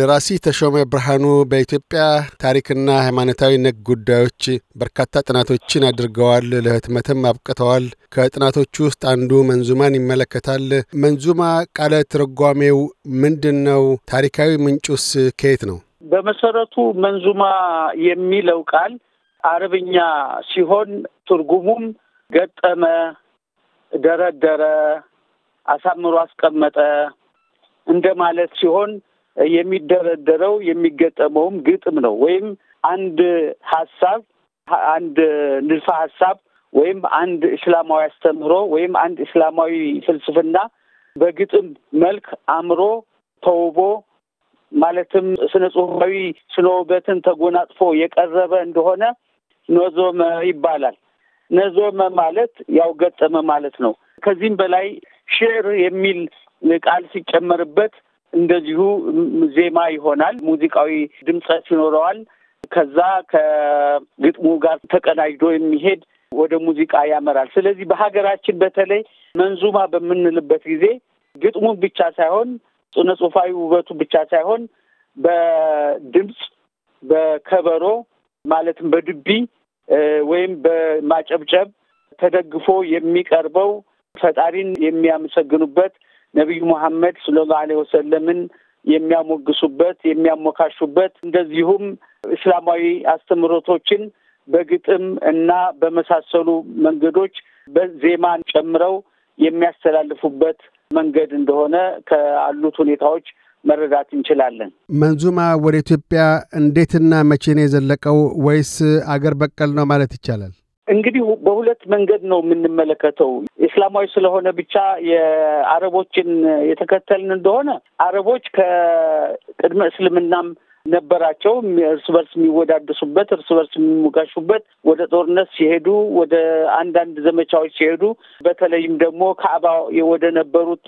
ደራሲ ተሾመ ብርሃኑ በኢትዮጵያ ታሪክና ሃይማኖታዊ ነግ ጉዳዮች በርካታ ጥናቶችን አድርገዋል፣ ለህትመትም አብቅተዋል። ከጥናቶቹ ውስጥ አንዱ መንዙማን ይመለከታል። መንዙማ ቃለ ትርጓሜው ምንድን ነው? ታሪካዊ ምንጩስ ከየት ነው? በመሰረቱ መንዙማ የሚለው ቃል አረብኛ ሲሆን ትርጉሙም ገጠመ፣ ደረደረ፣ አሳምሮ አስቀመጠ እንደማለት ሲሆን የሚደረደረው የሚገጠመውም ግጥም ነው ወይም አንድ ሀሳብ አንድ ንድፈ ሀሳብ ወይም አንድ እስላማዊ አስተምህሮ ወይም አንድ እስላማዊ ፍልስፍና በግጥም መልክ አምሮ ተውቦ ማለትም ስነ ጽሁፋዊ ስነ ውበትን ተጎናጥፎ የቀረበ እንደሆነ ነዞመ ይባላል። ነዞመ ማለት ያው ገጠመ ማለት ነው። ከዚህም በላይ ሽዕር የሚል ቃል ሲጨመርበት እንደዚሁ ዜማ ይሆናል፣ ሙዚቃዊ ድምጸት ይኖረዋል። ከዛ ከግጥሙ ጋር ተቀናጅዶ የሚሄድ ወደ ሙዚቃ ያመራል። ስለዚህ በሀገራችን በተለይ መንዙማ በምንልበት ጊዜ ግጥሙን ብቻ ሳይሆን ጽነ ጽሁፋዊ ውበቱ ብቻ ሳይሆን በድምፅ በከበሮ ማለትም በድቢ ወይም በማጨብጨብ ተደግፎ የሚቀርበው ፈጣሪን የሚያመሰግኑበት ነቢዩ መሐመድ ሰለላሁ ዐለይሂ ወሰለምን የሚያሞግሱበት የሚያሞካሹበት፣ እንደዚሁም እስላማዊ አስተምህሮቶችን በግጥም እና በመሳሰሉ መንገዶች በዜማን ጨምረው የሚያስተላልፉበት መንገድ እንደሆነ ካሉት ሁኔታዎች መረዳት እንችላለን። መንዙማ ወደ ኢትዮጵያ እንዴትና መቼ ነው የዘለቀው? ወይስ አገር በቀል ነው ማለት ይቻላል? እንግዲህ በሁለት መንገድ ነው የምንመለከተው። ኢስላማዊ ስለሆነ ብቻ የአረቦችን የተከተልን እንደሆነ አረቦች ከቅድመ እስልምናም ነበራቸው እርስ በርስ የሚወዳደሱበት እርስ በርስ የሚሞጋሹበት ወደ ጦርነት ሲሄዱ ወደ አንዳንድ ዘመቻዎች ሲሄዱ በተለይም ደግሞ ከአባ ወደ ነበሩት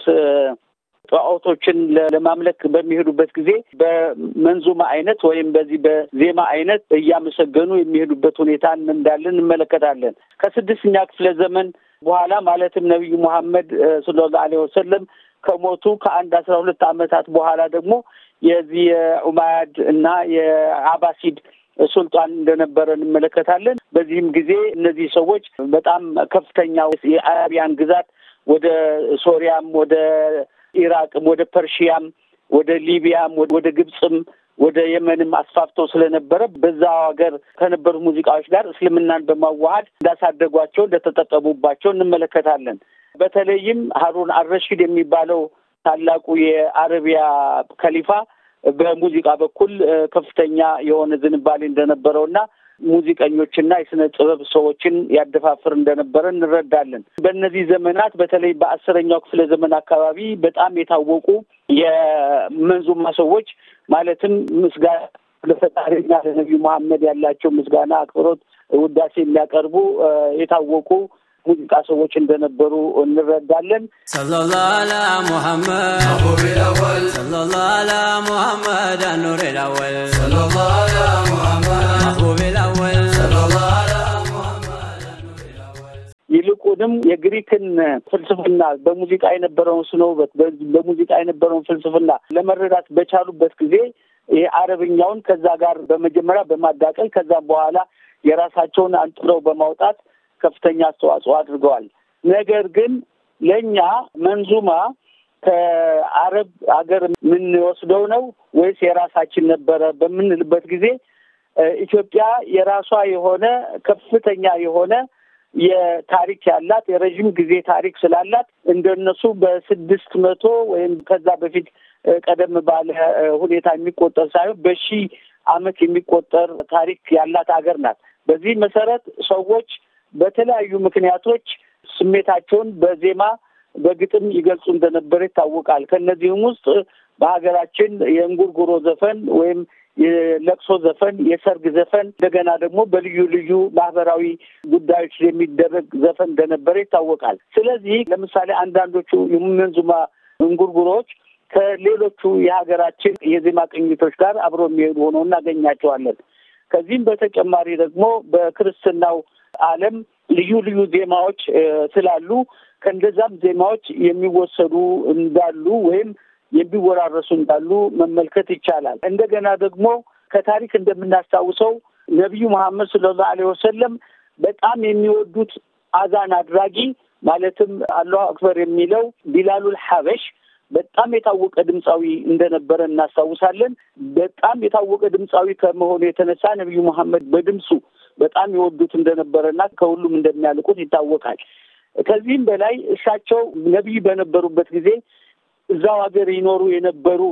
ጣዖቶችን ለማምለክ በሚሄዱበት ጊዜ በመንዙማ አይነት ወይም በዚህ በዜማ አይነት እያመሰገኑ የሚሄዱበት ሁኔታ እንዳለን እንመለከታለን። ከስድስተኛ ክፍለ ዘመን በኋላ ማለትም ነቢዩ ሙሐመድ ሰለላሁ ዐለይሂ ወሰለም ከሞቱ ከአንድ አስራ ሁለት ዓመታት በኋላ ደግሞ የዚህ የኡማያድ እና የአባሲድ ሱልጣን እንደነበረ እንመለከታለን። በዚህም ጊዜ እነዚህ ሰዎች በጣም ከፍተኛ የአረቢያን ግዛት ወደ ሶሪያም ወደ ኢራቅም ወደ ፐርሺያም ወደ ሊቢያም ወደ ግብፅም ወደ የመንም አስፋፍተው ስለነበረ በዛ ሀገር ከነበሩ ሙዚቃዎች ጋር እስልምናን በማዋሃድ እንዳሳደጓቸው እንደተጠቀሙባቸው እንመለከታለን። በተለይም ሀሩን አልረሺድ የሚባለው ታላቁ የአረቢያ ከሊፋ በሙዚቃ በኩል ከፍተኛ የሆነ ዝንባሌ እንደነበረው እና ሙዚቀኞችና የስነ ጥበብ ሰዎችን ያደፋፍር እንደነበረ እንረዳለን። በእነዚህ ዘመናት በተለይ በአስረኛው ክፍለ ዘመን አካባቢ በጣም የታወቁ የመንዙማ ሰዎች ማለትም ምስጋና ለፈጣሪና ለነቢዩ መሐመድ ያላቸው ምስጋና፣ አክብሮት፣ ውዳሴ የሚያቀርቡ የታወቁ ሙዚቃ ሰዎች እንደነበሩ እንረዳለን። ሙሐመድ ሙሐመድ ሙሐመድ ይልቁንም የግሪክን ፍልስፍና በሙዚቃ የነበረውን ስነውበት በሙዚቃ የነበረውን ፍልስፍና ለመረዳት በቻሉበት ጊዜ የአረብኛውን አረብኛውን ከዛ ጋር በመጀመሪያ በማዳቀል ከዛም በኋላ የራሳቸውን አንጥረው በማውጣት ከፍተኛ አስተዋጽኦ አድርገዋል። ነገር ግን ለእኛ መንዙማ ከአረብ ሀገር የምንወስደው ነው ወይስ የራሳችን ነበረ በምንልበት ጊዜ ኢትዮጵያ የራሷ የሆነ ከፍተኛ የሆነ የታሪክ ያላት የረዥም ጊዜ ታሪክ ስላላት እንደነሱ በስድስት መቶ ወይም ከዛ በፊት ቀደም ባለ ሁኔታ የሚቆጠር ሳይሆን በሺ ዓመት የሚቆጠር ታሪክ ያላት ሀገር ናት። በዚህ መሰረት ሰዎች በተለያዩ ምክንያቶች ስሜታቸውን በዜማ በግጥም ይገልጹ እንደነበረ ይታወቃል። ከእነዚህም ውስጥ በሀገራችን የእንጉርጉሮ ዘፈን ወይም የለቅሶ ዘፈን፣ የሰርግ ዘፈን እንደገና ደግሞ በልዩ ልዩ ማህበራዊ ጉዳዮች የሚደረግ ዘፈን እንደነበረ ይታወቃል። ስለዚህ ለምሳሌ አንዳንዶቹ የሙመንዙማ እንጉርጉሮች ከሌሎቹ የሀገራችን የዜማ ቅኝቶች ጋር አብሮ የሚሄዱ ሆኖ እናገኛቸዋለን። ከዚህም በተጨማሪ ደግሞ በክርስትናው ዓለም ልዩ ልዩ ዜማዎች ስላሉ ከእንደዛም ዜማዎች የሚወሰዱ እንዳሉ ወይም የሚወራረሱ እንዳሉ መመልከት ይቻላል። እንደገና ደግሞ ከታሪክ እንደምናስታውሰው ነቢዩ መሐመድ ሰለላሁ ዐለይሂ ወሰለም በጣም የሚወዱት አዛን አድራጊ ማለትም አላሁ አክበር የሚለው ቢላሉል ሐበሽ በጣም የታወቀ ድምፃዊ እንደነበረ እናስታውሳለን። በጣም የታወቀ ድምፃዊ ከመሆኑ የተነሳ ነቢዩ መሐመድ በድምፁ በጣም የወዱት እንደነበረና ከሁሉም እንደሚያልቁት ይታወቃል። ከዚህም በላይ እሳቸው ነቢይ በነበሩበት ጊዜ እዛው ሀገር ይኖሩ የነበሩ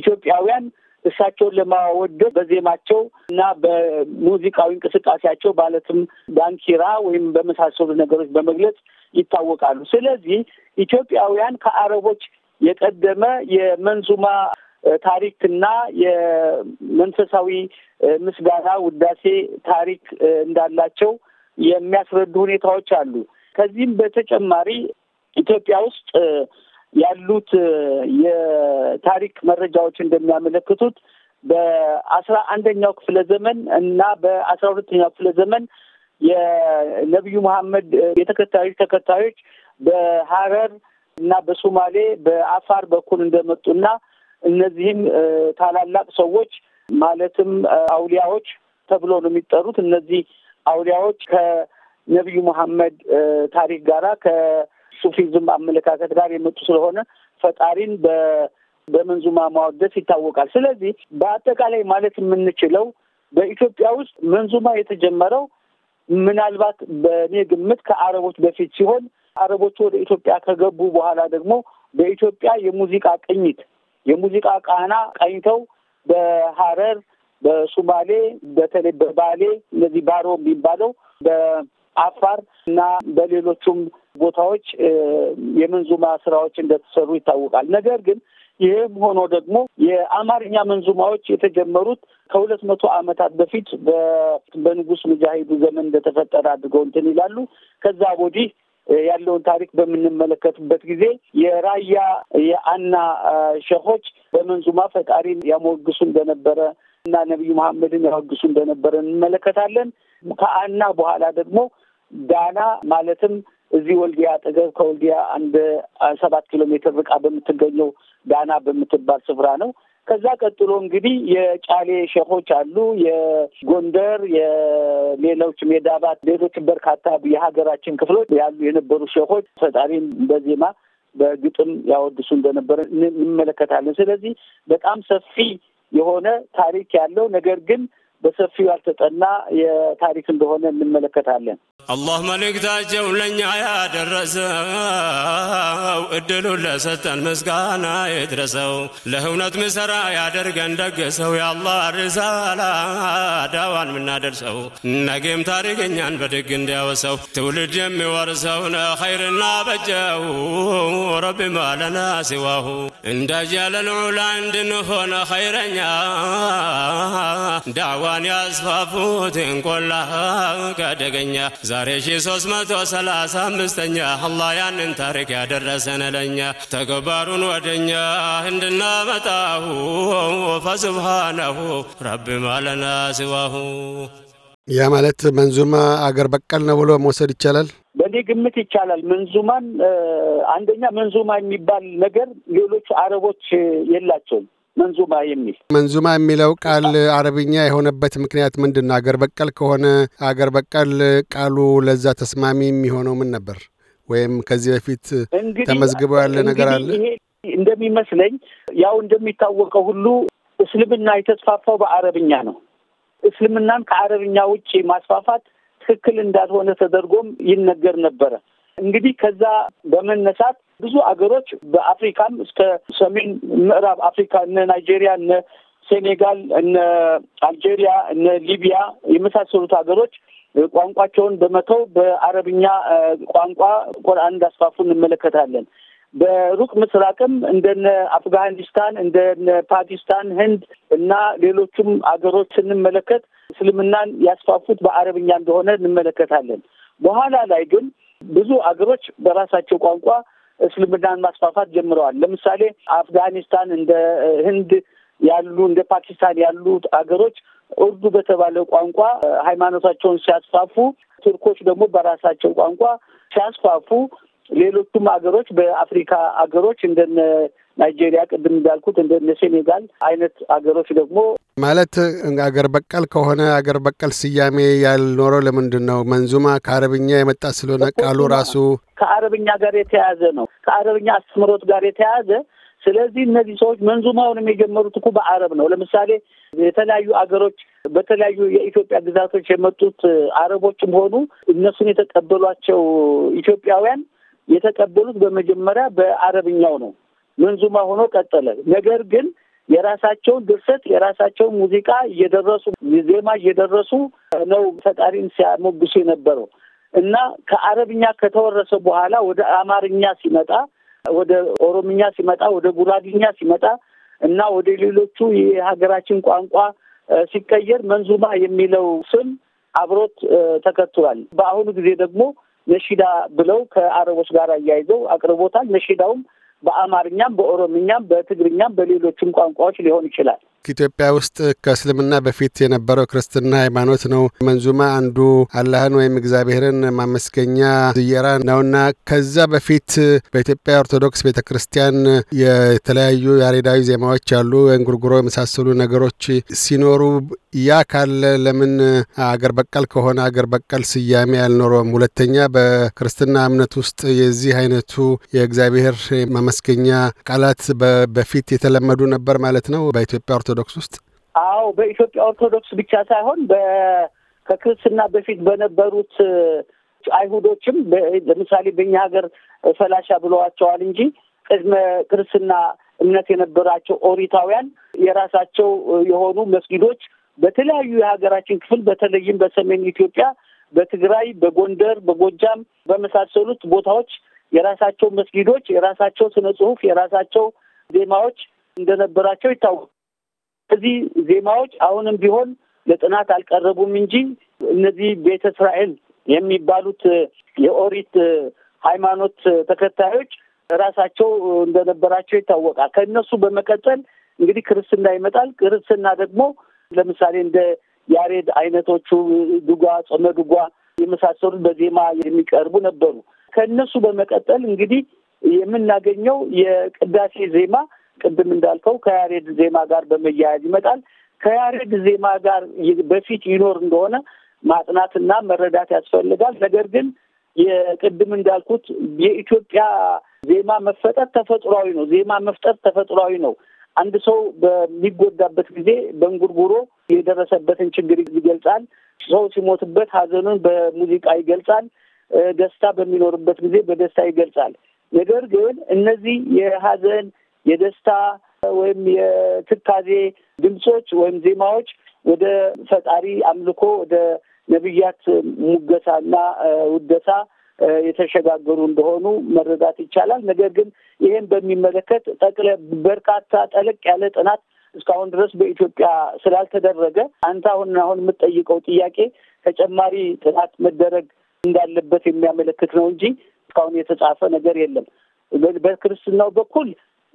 ኢትዮጵያውያን እሳቸውን ለማወደስ በዜማቸው እና በሙዚቃዊ እንቅስቃሴያቸው ማለትም ዳንኪራ ወይም በመሳሰሉ ነገሮች በመግለጽ ይታወቃሉ። ስለዚህ ኢትዮጵያውያን ከአረቦች የቀደመ የመንዙማ ታሪክና የመንፈሳዊ ምስጋና ውዳሴ ታሪክ እንዳላቸው የሚያስረዱ ሁኔታዎች አሉ። ከዚህም በተጨማሪ ኢትዮጵያ ውስጥ ያሉት የታሪክ መረጃዎች እንደሚያመለክቱት በአስራ አንደኛው ክፍለ ዘመን እና በአስራ ሁለተኛው ክፍለ ዘመን የነቢዩ መሐመድ የተከታዮች ተከታዮች በሀረር እና በሶማሌ በአፋር በኩል እንደመጡ እና እነዚህም ታላላቅ ሰዎች ማለትም አውሊያዎች ተብሎ ነው የሚጠሩት። እነዚህ አውሊያዎች ከነቢዩ መሐመድ ታሪክ ጋራ ሱፊዝም አመለካከት ጋር የመጡ ስለሆነ ፈጣሪን በመንዙማ ማወደስ ይታወቃል። ስለዚህ በአጠቃላይ ማለት የምንችለው በኢትዮጵያ ውስጥ መንዙማ የተጀመረው ምናልባት በእኔ ግምት ከአረቦች በፊት ሲሆን አረቦቹ ወደ ኢትዮጵያ ከገቡ በኋላ ደግሞ በኢትዮጵያ የሙዚቃ ቅኝት የሙዚቃ ቃና ቀኝተው በሀረር፣ በሱማሌ፣ በተለይ በባሌ እነዚህ ባሮ የሚባለው በአፋር እና በሌሎቹም ቦታዎች የመንዙማ ስራዎች እንደተሰሩ ይታወቃል። ነገር ግን ይህም ሆኖ ደግሞ የአማርኛ መንዙማዎች የተጀመሩት ከሁለት መቶ ዓመታት በፊት በንጉስ ሙጃሂዱ ዘመን እንደተፈጠረ አድርገው እንትን ይላሉ። ከዛ ወዲህ ያለውን ታሪክ በምንመለከትበት ጊዜ የራያ የአና ሸሆች በመንዙማ ፈጣሪን ያሞግሱ እንደነበረ እና ነቢዩ መሐመድን ያወግሱ እንደነበረ እንመለከታለን። ከአና በኋላ ደግሞ ዳና ማለትም እዚህ ወልዲያ አጠገብ ከወልዲያ አንድ ሰባት ኪሎ ሜትር ርቃ በምትገኘው ዳና በምትባል ስፍራ ነው። ከዛ ቀጥሎ እንግዲህ የጫሌ ሼሆች አሉ፣ የጎንደር፣ የሌሎች ሜዳባት፣ ሌሎች በርካታ የሀገራችን ክፍሎች ያሉ የነበሩ ሼሆች ፈጣሪን በዜማ በግጥም ያወድሱ እንደነበረ እንመለከታለን። ስለዚህ በጣም ሰፊ የሆነ ታሪክ ያለው ነገር ግን በሰፊው ያልተጠና የታሪክ እንደሆነ እንመለከታለን። አላህ መልእክታቸው ለእኛ ያደረሰው እድሉን ለሰጠን ምስጋና ይድረሰው። ለእውነት ምሰራ ያደርገን ደገሰው። የአላህ ርሳላ ዳዋን ምናደርሰው ነገም ታሪክ በድግ እንዲያወሰው ትውልድ የሚወርሰውን ኸይርና በጀው ረቢ ማለና ሲዋሁ እንዳያለን ዑላ እንድንሆነ ኸይረኛ ዳዋን ያስፋፉትን ቆላ ከደገኛ የዛሬ ሺ ሶስት መቶ ሰላሳ አምስተኛ ያንን ታሪክ ያደረሰን ለኛ ተግባሩን ወደኛ እንድናመጣሁ ፈስብሃነሁ ረቢ ማለና ስዋሁ ያ ማለት መንዙማ አገር በቀል ነው ብሎ መውሰድ ይቻላል። በእኔ ግምት ይቻላል። መንዙማን አንደኛ መንዙማ የሚባል ነገር ሌሎች አረቦች የላቸውም። መንዙማ የሚል መንዙማ የሚለው ቃል አረብኛ የሆነበት ምክንያት ምንድን ነው? አገር በቀል ከሆነ አገር በቀል ቃሉ ለዛ ተስማሚ የሚሆነው ምን ነበር? ወይም ከዚህ በፊት ተመዝግበው ያለ ነገር አለ? እንደሚመስለኝ ያው እንደሚታወቀው ሁሉ እስልምና የተስፋፋው በአረብኛ ነው። እስልምናን ከአረብኛ ውጭ ማስፋፋት ትክክል እንዳልሆነ ተደርጎም ይነገር ነበረ። እንግዲህ ከዛ በመነሳት ብዙ አገሮች በአፍሪካም እስከ ሰሜን ምዕራብ አፍሪካ እነ ናይጄሪያ እነ ሴኔጋል እነ አልጄሪያ እነ ሊቢያ የመሳሰሉት ሀገሮች ቋንቋቸውን በመተው በአረብኛ ቋንቋ ቁርአን እንዳስፋፉ እንመለከታለን። በሩቅ ምስራቅም እንደነ አፍጋኒስታን እንደነ ፓኪስታን፣ ህንድ እና ሌሎቹም ሀገሮች ስንመለከት እስልምናን ያስፋፉት በአረብኛ እንደሆነ እንመለከታለን። በኋላ ላይ ግን ብዙ አገሮች በራሳቸው ቋንቋ እስልምናን ማስፋፋት ጀምረዋል። ለምሳሌ አፍጋኒስታን፣ እንደ ህንድ ያሉ እንደ ፓኪስታን ያሉ አገሮች ኡርዱ በተባለ ቋንቋ ሃይማኖታቸውን ሲያስፋፉ፣ ቱርኮች ደግሞ በራሳቸው ቋንቋ ሲያስፋፉ፣ ሌሎቹም ሀገሮች በአፍሪካ ሀገሮች እንደነ ናይጄሪያ ቅድም እንዳልኩት እንደ ሴኔጋል አይነት አገሮች ደግሞ ማለት አገር በቀል ከሆነ አገር በቀል ስያሜ ያልኖረው ለምንድን ነው? መንዙማ ከአረብኛ የመጣ ስለሆነ ቃሉ ራሱ ከአረብኛ ጋር የተያያዘ ነው። ከአረብኛ አስምሮት ጋር የተያያዘ ስለዚህ እነዚህ ሰዎች መንዙማውንም የጀመሩት እኮ በአረብ ነው። ለምሳሌ የተለያዩ አገሮች በተለያዩ የኢትዮጵያ ግዛቶች የመጡት አረቦችም ሆኑ እነሱን የተቀበሏቸው ኢትዮጵያውያን የተቀበሉት በመጀመሪያ በአረብኛው ነው። መንዙማ ሆኖ ቀጠለ። ነገር ግን የራሳቸውን ድርሰት የራሳቸውን ሙዚቃ እየደረሱ ዜማ እየደረሱ ነው ፈጣሪን ሲያሞግሱ የነበረው እና ከአረብኛ ከተወረሰ በኋላ ወደ አማርኛ ሲመጣ፣ ወደ ኦሮምኛ ሲመጣ፣ ወደ ጉራግኛ ሲመጣ እና ወደ ሌሎቹ የሀገራችን ቋንቋ ሲቀየር መንዙማ የሚለው ስም አብሮት ተከትሏል። በአሁኑ ጊዜ ደግሞ ነሺዳ ብለው ከአረቦች ጋር አያይዘው አቅርቦታል። ነሺዳውም በአማርኛም፣ በኦሮምኛም፣ በትግርኛም በሌሎችም ቋንቋዎች ሊሆን ይችላል። ኢትዮጵያ ውስጥ ከእስልምና በፊት የነበረው ክርስትና ሃይማኖት ነው። መንዙማ አንዱ አላህን ወይም እግዚአብሔርን ማመስገኛ ዝየራ ነውና ከዛ በፊት በኢትዮጵያ ኦርቶዶክስ ቤተ ክርስቲያን የተለያዩ ያሬዳዊ ዜማዎች አሉ፣ እንጉርጉሮ የመሳሰሉ ነገሮች ሲኖሩ ያ ካለ ለምን አገር በቀል ከሆነ አገር በቀል ስያሜ አልኖረውም። ሁለተኛ በክርስትና እምነት ውስጥ የዚህ አይነቱ የእግዚአብሔር ማመስገኛ ቃላት በፊት የተለመዱ ነበር ማለት ነው በኢትዮጵያ ኦርቶዶክስ ውስጥ? አዎ በኢትዮጵያ ኦርቶዶክስ ብቻ ሳይሆን ከክርስትና በፊት በነበሩት አይሁዶችም ለምሳሌ በእኛ ሀገር ፈላሻ ብለዋቸዋል እንጂ ቅድመ ክርስትና እምነት የነበራቸው ኦሪታውያን የራሳቸው የሆኑ መስጊዶች በተለያዩ የሀገራችን ክፍል በተለይም በሰሜን ኢትዮጵያ፣ በትግራይ፣ በጎንደር፣ በጎጃም በመሳሰሉት ቦታዎች የራሳቸው መስጊዶች፣ የራሳቸው ስነ ጽሁፍ፣ የራሳቸው ዜማዎች እንደነበራቸው ይታወቃል። እነዚህ ዜማዎች አሁንም ቢሆን ለጥናት አልቀረቡም እንጂ እነዚህ ቤተ እስራኤል የሚባሉት የኦሪት ሃይማኖት ተከታዮች ራሳቸው እንደነበራቸው ይታወቃል። ከእነሱ በመቀጠል እንግዲህ ክርስትና ይመጣል። ክርስትና ደግሞ ለምሳሌ እንደ ያሬድ አይነቶቹ ድጓ፣ ጾመ ዱጓ የመሳሰሉት በዜማ የሚቀርቡ ነበሩ። ከእነሱ በመቀጠል እንግዲህ የምናገኘው የቅዳሴ ዜማ ቅድም እንዳልከው ከያሬድ ዜማ ጋር በመያያዝ ይመጣል። ከያሬድ ዜማ ጋር በፊት ይኖር እንደሆነ ማጥናትና መረዳት ያስፈልጋል። ነገር ግን የቅድም እንዳልኩት የኢትዮጵያ ዜማ መፈጠር ተፈጥሯዊ ነው። ዜማ መፍጠር ተፈጥሯዊ ነው። አንድ ሰው በሚጎዳበት ጊዜ በእንጉርጉሮ የደረሰበትን ችግር ይገልጻል። ሰው ሲሞትበት ሐዘኑን በሙዚቃ ይገልጻል። ደስታ በሚኖርበት ጊዜ በደስታ ይገልጻል። ነገር ግን እነዚህ የሐዘን የደስታ ወይም የትካዜ ድምፆች ወይም ዜማዎች ወደ ፈጣሪ አምልኮ ወደ ነቢያት ሙገሳና ውደሳ የተሸጋገሩ እንደሆኑ መረዳት ይቻላል። ነገር ግን ይህን በሚመለከት ጠቅለ በርካታ ጠለቅ ያለ ጥናት እስካሁን ድረስ በኢትዮጵያ ስላልተደረገ አንተ አሁን አሁን የምትጠይቀው ጥያቄ ተጨማሪ ጥናት መደረግ እንዳለበት የሚያመለክት ነው እንጂ እስካሁን የተጻፈ ነገር የለም። በክርስትናው በኩል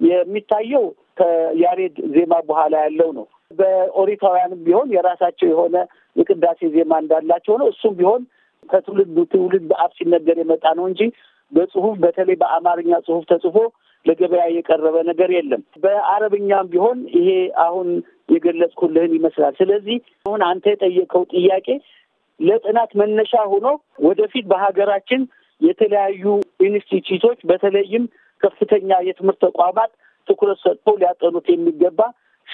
የሚታየው ከያሬድ ዜማ በኋላ ያለው ነው። በኦሪታውያንም ቢሆን የራሳቸው የሆነ የቅዳሴ ዜማ እንዳላቸው ነው። እሱም ቢሆን ከትውልድ ትውልድ በአፍ ሲነገር የመጣ ነው እንጂ በጽሁፍ በተለይ በአማርኛ ጽሁፍ ተጽፎ ለገበያ የቀረበ ነገር የለም። በአረብኛም ቢሆን ይሄ አሁን የገለጽኩልህን ይመስላል። ስለዚህ አሁን አንተ የጠየቀው ጥያቄ ለጥናት መነሻ ሆኖ ወደፊት በሀገራችን የተለያዩ ኢንስቲትዩቶች በተለይም ከፍተኛ የትምህርት ተቋማት ትኩረት ሰጥተው ሊያጠኑት የሚገባ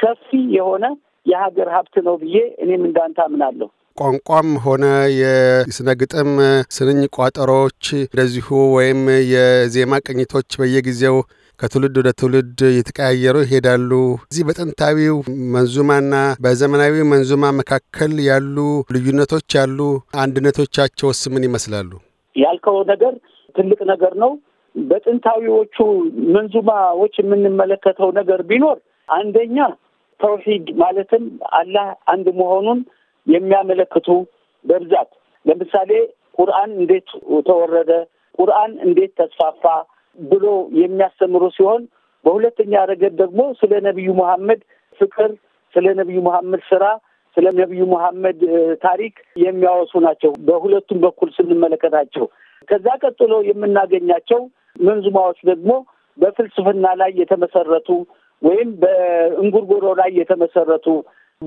ሰፊ የሆነ የሀገር ሀብት ነው ብዬ እኔም እንዳንተ አምናለሁ። ቋንቋም ሆነ የስነ ግጥም ስንኝ ቋጠሮዎች እንደዚሁ ወይም የዜማ ቅኝቶች በየጊዜው ከትውልድ ወደ ትውልድ የተቀያየሩ ይሄዳሉ። እዚህ በጥንታዊው መንዙማና በዘመናዊ መንዙማ መካከል ያሉ ልዩነቶች ያሉ አንድነቶቻቸውስ ምን ይመስላሉ? ያልከው ነገር ትልቅ ነገር ነው። በጥንታዊዎቹ መንዙማዎች የምንመለከተው ነገር ቢኖር አንደኛ ተውሂድ ማለትም አላህ አንድ መሆኑን የሚያመለክቱ በብዛት ለምሳሌ ቁርአን እንዴት ተወረደ፣ ቁርአን እንዴት ተስፋፋ ብሎ የሚያስተምሩ ሲሆን በሁለተኛ ረገድ ደግሞ ስለ ነቢዩ መሐመድ ፍቅር፣ ስለ ነቢዩ መሐመድ ስራ፣ ስለ ነቢዩ መሐመድ ታሪክ የሚያወሱ ናቸው። በሁለቱም በኩል ስንመለከታቸው ከዛ ቀጥሎ የምናገኛቸው መንዙማዎች ደግሞ በፍልስፍና ላይ የተመሰረቱ ወይም በእንጉርጉሮ ላይ የተመሰረቱ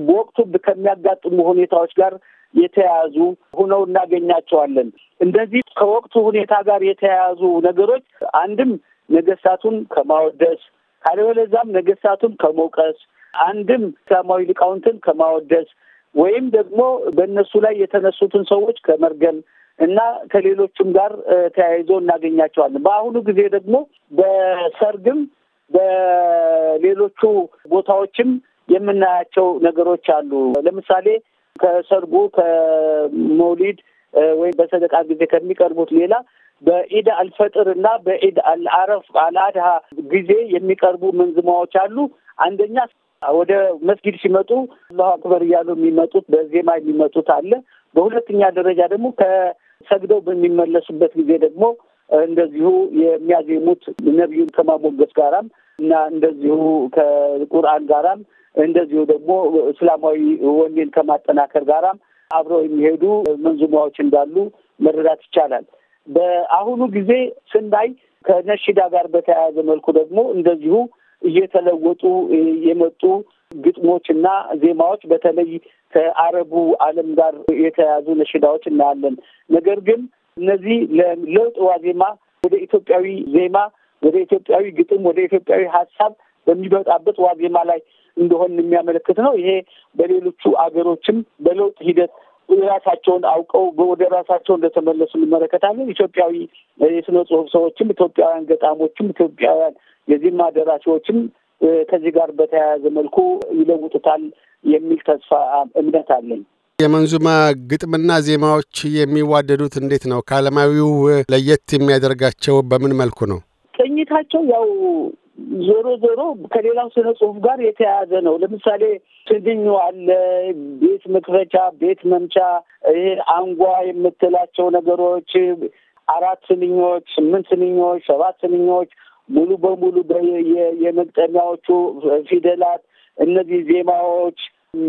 በወቅቱ ከሚያጋጥሙ ሁኔታዎች ጋር የተያያዙ ሆነው እናገኛቸዋለን። እንደዚህ ከወቅቱ ሁኔታ ጋር የተያያዙ ነገሮች አንድም ነገስታቱን ከማወደስ ካለበለዚያም ነገስታቱን ከመውቀስ አንድም እስላማዊ ሊቃውንትን ከማወደስ ወይም ደግሞ በእነሱ ላይ የተነሱትን ሰዎች ከመርገም እና ከሌሎችም ጋር ተያይዞ እናገኛቸዋለን። በአሁኑ ጊዜ ደግሞ በሰርግም በሌሎቹ ቦታዎችም የምናያቸው ነገሮች አሉ። ለምሳሌ ከሰርጉ ከመውሊድ ወይም በሰደቃ ጊዜ ከሚቀርቡት ሌላ በኢድ አልፈጥር እና በኢድ አልአረፍ አልአድሃ ጊዜ የሚቀርቡ መንዝማዎች አሉ። አንደኛ ወደ መስጊድ ሲመጡ አላሁ አክበር እያሉ የሚመጡት በዜማ የሚመጡት አለ። በሁለተኛ ደረጃ ደግሞ ከሰግደው በሚመለሱበት ጊዜ ደግሞ እንደዚሁ የሚያዜሙት ነቢዩን ከማሞገስ ጋራም እና እንደዚሁ ከቁርአን ጋራም እንደዚሁ ደግሞ እስላማዊ ወኔን ከማጠናከር ጋራም አብረው የሚሄዱ መንዙማዎች እንዳሉ መረዳት ይቻላል። በአሁኑ ጊዜ ስናይ ከነሽዳ ጋር በተያያዘ መልኩ ደግሞ እንደዚሁ እየተለወጡ የመጡ ግጥሞች እና ዜማዎች በተለይ ከአረቡ ዓለም ጋር የተያዙ ነሽዳዎች እናያለን። ነገር ግን እነዚህ ለለውጥ ዋዜማ ወደ ኢትዮጵያዊ ዜማ፣ ወደ ኢትዮጵያዊ ግጥም፣ ወደ ኢትዮጵያዊ ሀሳብ በሚበጣበት ዋዜማ ላይ እንደሆን የሚያመለክት ነው። ይሄ በሌሎቹ አገሮችም በለውጥ ሂደት ራሳቸውን አውቀው ወደ ራሳቸው እንደተመለሱ እንመለከታለን። ኢትዮጵያዊ የስነ ጽሁፍ ሰዎችም ኢትዮጵያውያን ገጣሞችም ኢትዮጵያውያን የዜማ ደራሲዎችም ከዚህ ጋር በተያያዘ መልኩ ይለውጡታል የሚል ተስፋ እምነት አለኝ። የመንዙማ ግጥምና ዜማዎች የሚዋደዱት እንዴት ነው? ከዓለማዊው ለየት የሚያደርጋቸው በምን መልኩ ነው? ቅኝታቸው ያው ዞሮ ዞሮ ከሌላው ስነ ጽሁፍ ጋር የተያያዘ ነው። ለምሳሌ ስንድኞ አለ፣ ቤት መክፈቻ፣ ቤት መምቻ፣ ይሄ አንጓ የምትላቸው ነገሮች አራት ስንኞች፣ ስምንት ስንኞች፣ ሰባት ስንኞች ሙሉ በሙሉ የመግጠሚያዎቹ ፊደላት እነዚህ ዜማዎች፣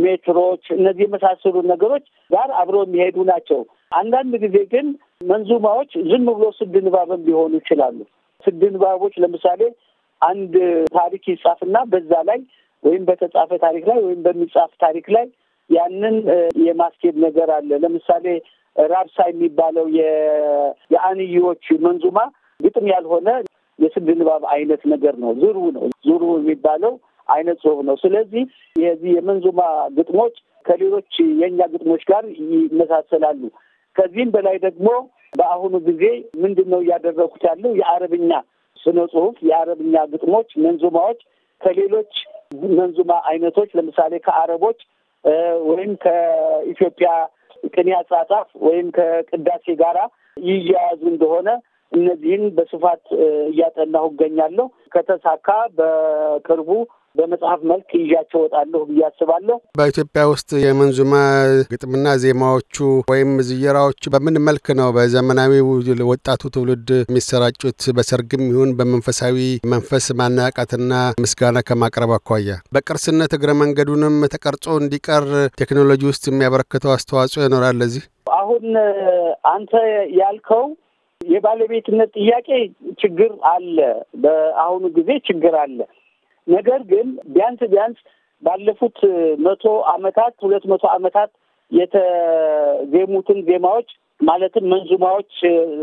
ሜትሮች እነዚህ የመሳሰሉ ነገሮች ጋር አብረው የሚሄዱ ናቸው። አንዳንድ ጊዜ ግን መንዙማዎች ዝም ብሎ ስድ ንባብም ሊሆኑ ይችላሉ። ስድ ንባቦች ለምሳሌ አንድ ታሪክ ይጻፍና በዛ ላይ ወይም በተጻፈ ታሪክ ላይ ወይም በሚጻፍ ታሪክ ላይ ያንን የማስኬድ ነገር አለ። ለምሳሌ ራብሳ የሚባለው የአንዮች መንዙማ ግጥም ያልሆነ የስድ ንባብ አይነት ነገር ነው። ዝሩ ነው ዝሩ የሚባለው አይነት ጽሁፍ ነው። ስለዚህ የዚህ የመንዙማ ግጥሞች ከሌሎች የእኛ ግጥሞች ጋር ይመሳሰላሉ። ከዚህም በላይ ደግሞ በአሁኑ ጊዜ ምንድን ነው እያደረኩት ያለው የአረብኛ ስነ ጽሁፍ፣ የአረብኛ ግጥሞች፣ መንዙማዎች ከሌሎች መንዙማ አይነቶች ለምሳሌ ከአረቦች ወይም ከኢትዮጵያ ቅኔ አጻጻፍ ወይም ከቅዳሴ ጋራ ይያያዙ እንደሆነ እነዚህን በስፋት እያጠናሁ እገኛለሁ። ከተሳካ በቅርቡ በመጽሐፍ መልክ ይዣቸው ወጣለሁ ብዬ አስባለሁ። በኢትዮጵያ ውስጥ የመንዙማ ግጥምና ዜማዎቹ ወይም ዝየራዎቹ በምን መልክ ነው በዘመናዊ ወጣቱ ትውልድ የሚሰራጩት? በሰርግም ይሁን በመንፈሳዊ መንፈስ ማነቃቃትና ምስጋና ከማቅረብ አኳያ በቅርስነት እግረ መንገዱንም ተቀርጾ እንዲቀር ቴክኖሎጂ ውስጥ የሚያበረክተው አስተዋጽኦ ይኖራል። ለዚህ አሁን አንተ ያልከው የባለቤትነት ጥያቄ ችግር አለ። በአሁኑ ጊዜ ችግር አለ። ነገር ግን ቢያንስ ቢያንስ ባለፉት መቶ አመታት ሁለት መቶ አመታት የተዜሙትን ዜማዎች ማለትም መንዙማዎች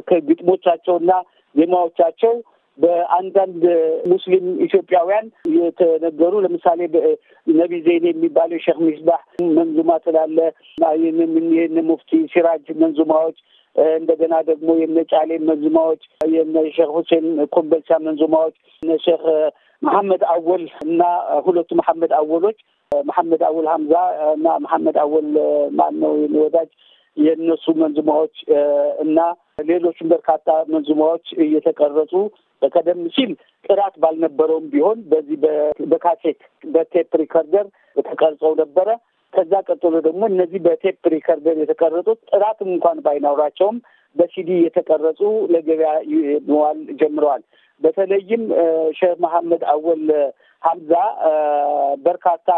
ከግጥሞቻቸውና ዜማዎቻቸው በአንዳንድ ሙስሊም ኢትዮጵያውያን የተነገሩ ለምሳሌ ነቢ ዜኔ የሚባለው የሼክ ሚስባህ መንዙማ ትላለ ይህን ሙፍቲ ሲራጅ መንዙማዎች እንደገና ደግሞ የነ ጫሌ መንዙማዎች፣ የነ ሼክ ሁሴን ኮምበልቻ መንዙማዎች፣ እነ ሼክ መሐመድ አወል እና ሁለቱ መሐመድ አወሎች መሐመድ አወል ሀምዛ እና መሐመድ አወል ማነው ወዳጅ የእነሱ መንዝማዎች እና ሌሎችም በርካታ መንዝማዎች እየተቀረጹ በቀደም ሲል ጥራት ባልነበረውም ቢሆን በዚህ በካሴት በቴፕ ሪከርደር ተቀርጸው ነበረ። ከዛ ቀጥሎ ደግሞ እነዚህ በቴፕ ሪከርደር የተቀረጹት ጥራትም እንኳን ባይኖራቸውም በሲዲ የተቀረጹ ለገበያ መዋል ጀምረዋል። በተለይም ሼህ መሐመድ አወል ሀምዛ በርካታ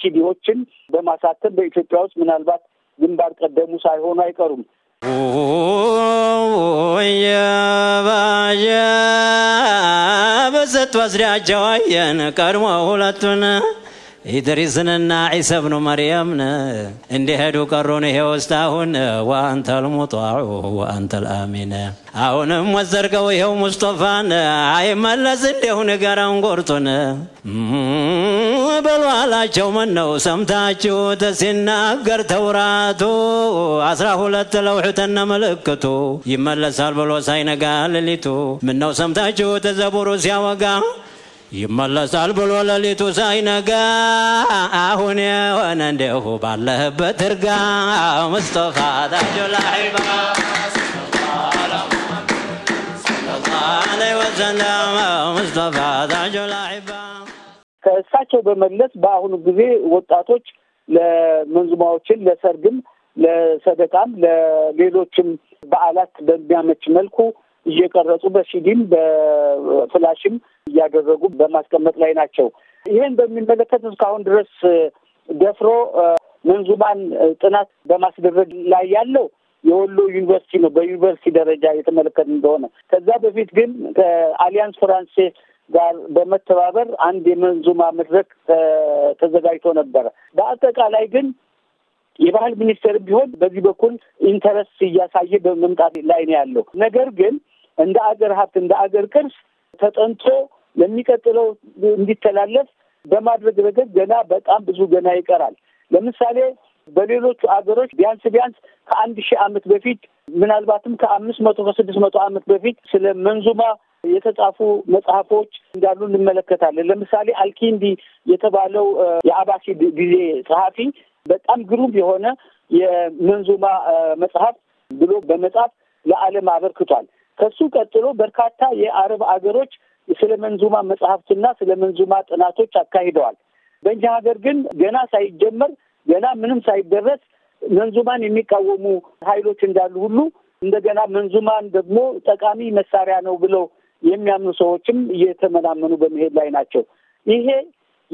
ሲዲዎችን በማሳተም በኢትዮጵያ ውስጥ ምናልባት ግንባር ቀደሙ ሳይሆኑ አይቀሩም። የባየ በሰቱ አስሪያጃዋየን ቀድሞ ሁለቱን ኢድሪስንና ዒሳ ብኑ መርየምን እንዲሄዱ ቀሩን። ይሄ ውስጥ አሁን ወአንተል ሙጣዑ ወአንተል አሚነ አሁንም ወዘርገው ይኸው ሙስጦፋን አይመለስ እንዲሁ ንገረን ጎርቱን በሉ አላቸው። ምን ነው ሰምታችሁት ሲናገር ተውራቱ አስራ ሁለት ለውሑተነ ምልክቱ ይመለሳል ብሎ ሳይነጋ ሌሊቱ ምን ነው ሰምታችሁት ዘቡሩ ሲያወጋ ይመለሳል ብሎ ለሊቱ ሳይነጋ አሁን የሆነ እንደሁ ባለህበት እርጋ ሙስጠፋ ታጆላ ከእሳቸው በመለስ በአሁኑ ጊዜ ወጣቶች ለመንዙማዎችን ለሰርግም ለሰደቃም ለሌሎችም በዓላት በሚያመች መልኩ እየቀረጹ በሲዲም በፍላሽም እያደረጉ በማስቀመጥ ላይ ናቸው። ይህን በሚመለከት እስካሁን ድረስ ደፍሮ መንዙማን ጥናት በማስደረግ ላይ ያለው የወሎ ዩኒቨርሲቲ ነው። በዩኒቨርሲቲ ደረጃ የተመለከት እንደሆነ ከዛ በፊት ግን ከአሊያንስ ፍራንሴ ጋር በመተባበር አንድ የመንዙማ መድረክ ተዘጋጅቶ ነበረ። በአጠቃላይ ግን የባህል ሚኒስቴር ቢሆን በዚህ በኩል ኢንተረስት እያሳየ በመምጣት ላይ ነው ያለው። ነገር ግን እንደ አገር ሀብት እንደ አገር ቅርስ ተጠንቶ ለሚቀጥለው እንዲተላለፍ በማድረግ ረገድ ገና በጣም ብዙ ገና ይቀራል። ለምሳሌ በሌሎቹ አገሮች ቢያንስ ቢያንስ ከአንድ ሺህ ዓመት በፊት ምናልባትም ከአምስት መቶ ከስድስት መቶ ዓመት በፊት ስለ መንዙማ የተጻፉ መጽሐፎች እንዳሉ እንመለከታለን። ለምሳሌ አልኪንዲ የተባለው የአባሲ ጊዜ ጸሐፊ በጣም ግሩም የሆነ የመንዙማ መጽሐፍ ብሎ በመጽሐፍ ለዓለም አበርክቷል። ከሱ ቀጥሎ በርካታ የአረብ አገሮች ስለ መንዙማ መጽሐፍትና ስለ መንዙማ ጥናቶች አካሂደዋል። በእኛ ሀገር ግን ገና ሳይጀመር ገና ምንም ሳይደረስ መንዙማን የሚቃወሙ ኃይሎች እንዳሉ ሁሉ እንደገና መንዙማን ደግሞ ጠቃሚ መሳሪያ ነው ብለው የሚያምኑ ሰዎችም እየተመናመኑ በመሄድ ላይ ናቸው። ይሄ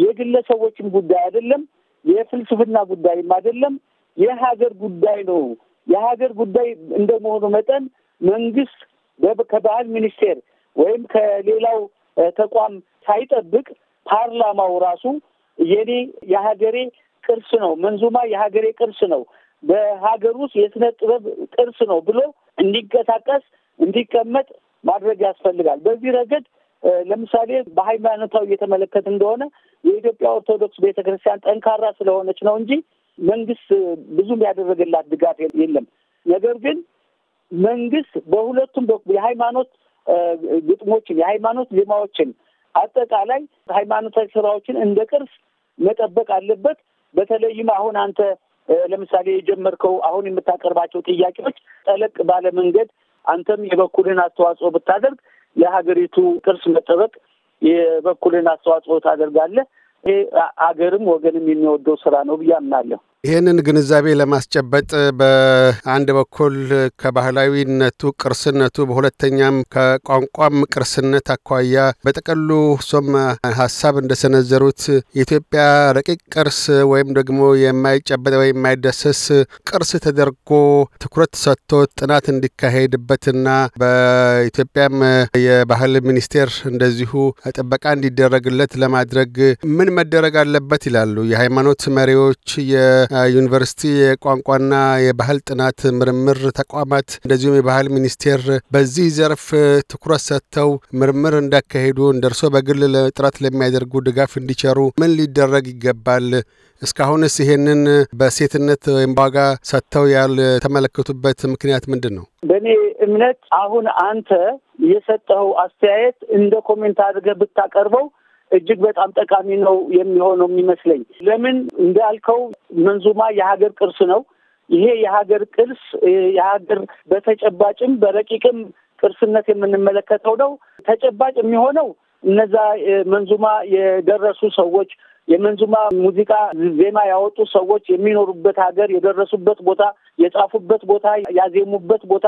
የግለሰቦችም ጉዳይ አይደለም፣ የፍልስፍና ጉዳይም አይደለም፣ የሀገር ጉዳይ ነው። የሀገር ጉዳይ እንደመሆኑ መጠን መንግስት ከባህል ሚኒስቴር ወይም ከሌላው ተቋም ሳይጠብቅ ፓርላማው ራሱ የኔ የሀገሬ ቅርስ ነው፣ መንዙማ የሀገሬ ቅርስ ነው፣ በሀገር ውስጥ የስነ ጥበብ ቅርስ ነው ብሎ እንዲንቀሳቀስ እንዲቀመጥ ማድረግ ያስፈልጋል። በዚህ ረገድ ለምሳሌ በሃይማኖታዊ እየተመለከት እንደሆነ የኢትዮጵያ ኦርቶዶክስ ቤተክርስቲያን ጠንካራ ስለሆነች ነው እንጂ መንግስት ብዙም ያደረገላት ድጋፍ የለም። ነገር ግን መንግስት በሁለቱም የሃይማኖት ግጥሞችን የሃይማኖት ዜማዎችን አጠቃላይ ሃይማኖታዊ ስራዎችን እንደ ቅርስ መጠበቅ አለበት። በተለይም አሁን አንተ ለምሳሌ የጀመርከው አሁን የምታቀርባቸው ጥያቄዎች ጠለቅ ባለ መንገድ አንተም የበኩልን አስተዋጽኦ ብታደርግ የሀገሪቱ ቅርስ መጠበቅ የበኩልን አስተዋጽኦ ታደርጋለህ። ይሄ አገርም ወገንም የሚወደው ስራ ነው ብዬ አምናለሁ። ይህንን ግንዛቤ ለማስጨበጥ በአንድ በኩል ከባህላዊነቱ ቅርስነቱ፣ በሁለተኛም ከቋንቋም ቅርስነት አኳያ በጥቅሉ ሶም ሀሳብ እንደሰነዘሩት የኢትዮጵያ ረቂቅ ቅርስ ወይም ደግሞ የማይጨበጥ ወይም የማይደሰስ ቅርስ ተደርጎ ትኩረት ሰጥቶ ጥናት እንዲካሄድበትና በኢትዮጵያም የባህል ሚኒስቴር እንደዚሁ ጥበቃ እንዲደረግለት ለማድረግ ምን መደረግ አለበት ይላሉ የሃይማኖት መሪዎች ዩኒቨርሲቲ የቋንቋና የባህል ጥናት ምርምር ተቋማት እንደዚሁም የባህል ሚኒስቴር በዚህ ዘርፍ ትኩረት ሰጥተው ምርምር እንዳካሄዱ እንደርሶ በግል ጥረት ለሚያደርጉ ድጋፍ እንዲቸሩ ምን ሊደረግ ይገባል? እስካሁንስ ይሄንን በሴትነት ወይም ዋጋ ሰጥተው ያልተመለከቱበት ምክንያት ምንድን ነው? በእኔ እምነት አሁን አንተ የሰጠኸው አስተያየት እንደ ኮሜንት አድርገህ ብታቀርበው እጅግ በጣም ጠቃሚ ነው የሚሆነው የሚመስለኝ። ለምን እንዳልከው መንዙማ የሀገር ቅርስ ነው። ይሄ የሀገር ቅርስ የሀገር በተጨባጭም በረቂቅም ቅርስነት የምንመለከተው ነው። ተጨባጭ የሚሆነው እነዛ መንዙማ የደረሱ ሰዎች የመንዙማ ሙዚቃ ዜማ ያወጡ ሰዎች የሚኖሩበት ሀገር የደረሱበት ቦታ፣ የጻፉበት ቦታ፣ ያዜሙበት ቦታ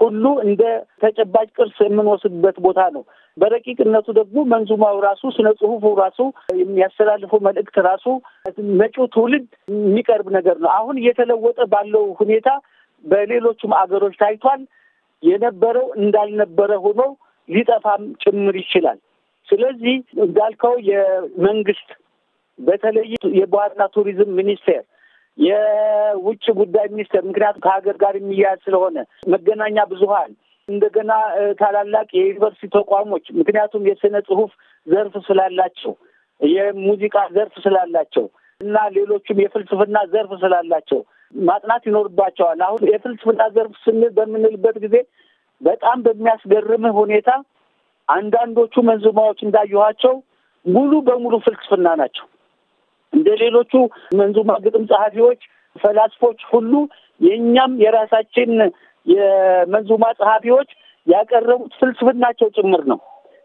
ሁሉ እንደ ተጨባጭ ቅርስ የምንወስድበት ቦታ ነው። በረቂቅነቱ ደግሞ መንዙማው ራሱ ስነ ጽሁፉ ራሱ የሚያስተላልፈው መልእክት ራሱ መጪው ትውልድ የሚቀርብ ነገር ነው። አሁን እየተለወጠ ባለው ሁኔታ በሌሎቹም አገሮች ታይቷል። የነበረው እንዳልነበረ ሆኖ ሊጠፋም ጭምር ይችላል። ስለዚህ እንዳልከው የመንግስት በተለይ የባህልና ቱሪዝም ሚኒስቴር የውጭ ጉዳይ ሚኒስቴር ምክንያቱም ከሀገር ጋር የሚያያዝ ስለሆነ መገናኛ ብዙሀን እንደገና ታላላቅ የዩኒቨርሲቲ ተቋሞች ምክንያቱም የስነ ጽሁፍ ዘርፍ ስላላቸው፣ የሙዚቃ ዘርፍ ስላላቸው እና ሌሎችም የፍልስፍና ዘርፍ ስላላቸው ማጥናት ይኖርባቸዋል። አሁን የፍልስፍና ዘርፍ ስንል በምንልበት ጊዜ በጣም በሚያስገርም ሁኔታ አንዳንዶቹ መንዙማዎች እንዳየኋቸው ሙሉ በሙሉ ፍልስፍና ናቸው። እንደ ሌሎቹ መንዙማ ግጥም ጸሐፊዎች፣ ፈላስፎች ሁሉ የእኛም የራሳችን የመንዙማ ጸሐፊዎች ያቀረቡት ፍልስፍናቸው ጭምር ነው።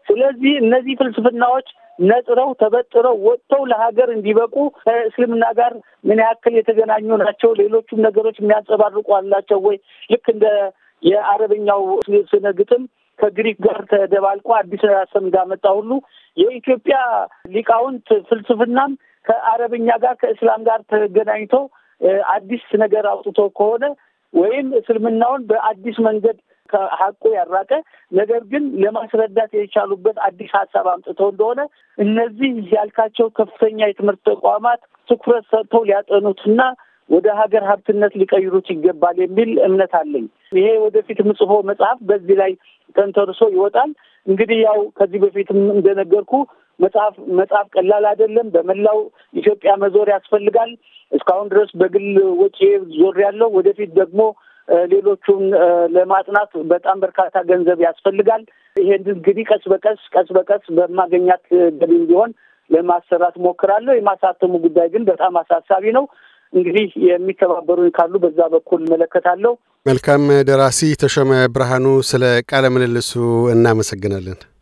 ስለዚህ እነዚህ ፍልስፍናዎች ነጥረው ተበጥረው ወጥተው ለሀገር እንዲበቁ ከእስልምና ጋር ምን ያክል የተገናኙ ናቸው፣ ሌሎቹም ነገሮች የሚያንጸባርቁ አላቸው ወይ? ልክ እንደ የአረበኛው ስነ ግጥም ከግሪክ ጋር ተደባልቆ አዲስ አሰብ እንዳመጣ ሁሉ የኢትዮጵያ ሊቃውንት ፍልስፍናም ከአረብኛ ጋር ከእስላም ጋር ተገናኝቶ አዲስ ነገር አውጥቶ ከሆነ ወይም እስልምናውን በአዲስ መንገድ ከሀቁ ያራቀ ነገር ግን ለማስረዳት የቻሉበት አዲስ ሀሳብ አምጥተው እንደሆነ እነዚህ ያልካቸው ከፍተኛ የትምህርት ተቋማት ትኩረት ሰጥተው ሊያጠኑትና ወደ ሀገር ሀብትነት ሊቀይሩት ይገባል የሚል እምነት አለኝ። ይሄ ወደፊት ምጽፎ መጽሐፍ በዚህ ላይ ተንተርሶ ይወጣል። እንግዲህ ያው ከዚህ በፊትም እንደነገርኩ መጽሐፍ መጽሐፍ ቀላል አይደለም። በመላው ኢትዮጵያ መዞር ያስፈልጋል። እስካሁን ድረስ በግል ወጪ ዞር ያለው ወደፊት ደግሞ ሌሎቹን ለማጥናት በጣም በርካታ ገንዘብ ያስፈልጋል። ይሄን እንግዲህ ቀስ በቀስ ቀስ በቀስ በማገኛት ገቢ ቢሆን ለማሰራት ሞክራለሁ። የማሳተሙ ጉዳይ ግን በጣም አሳሳቢ ነው። እንግዲህ የሚተባበሩኝ ካሉ በዛ በኩል እመለከታለሁ። መልካም ደራሲ ተሾመ ብርሃኑ፣ ስለ ቃለ ምልልሱ እናመሰግናለን።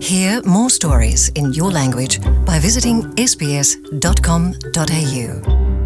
Hear more stories in your language by visiting sbs.com.au.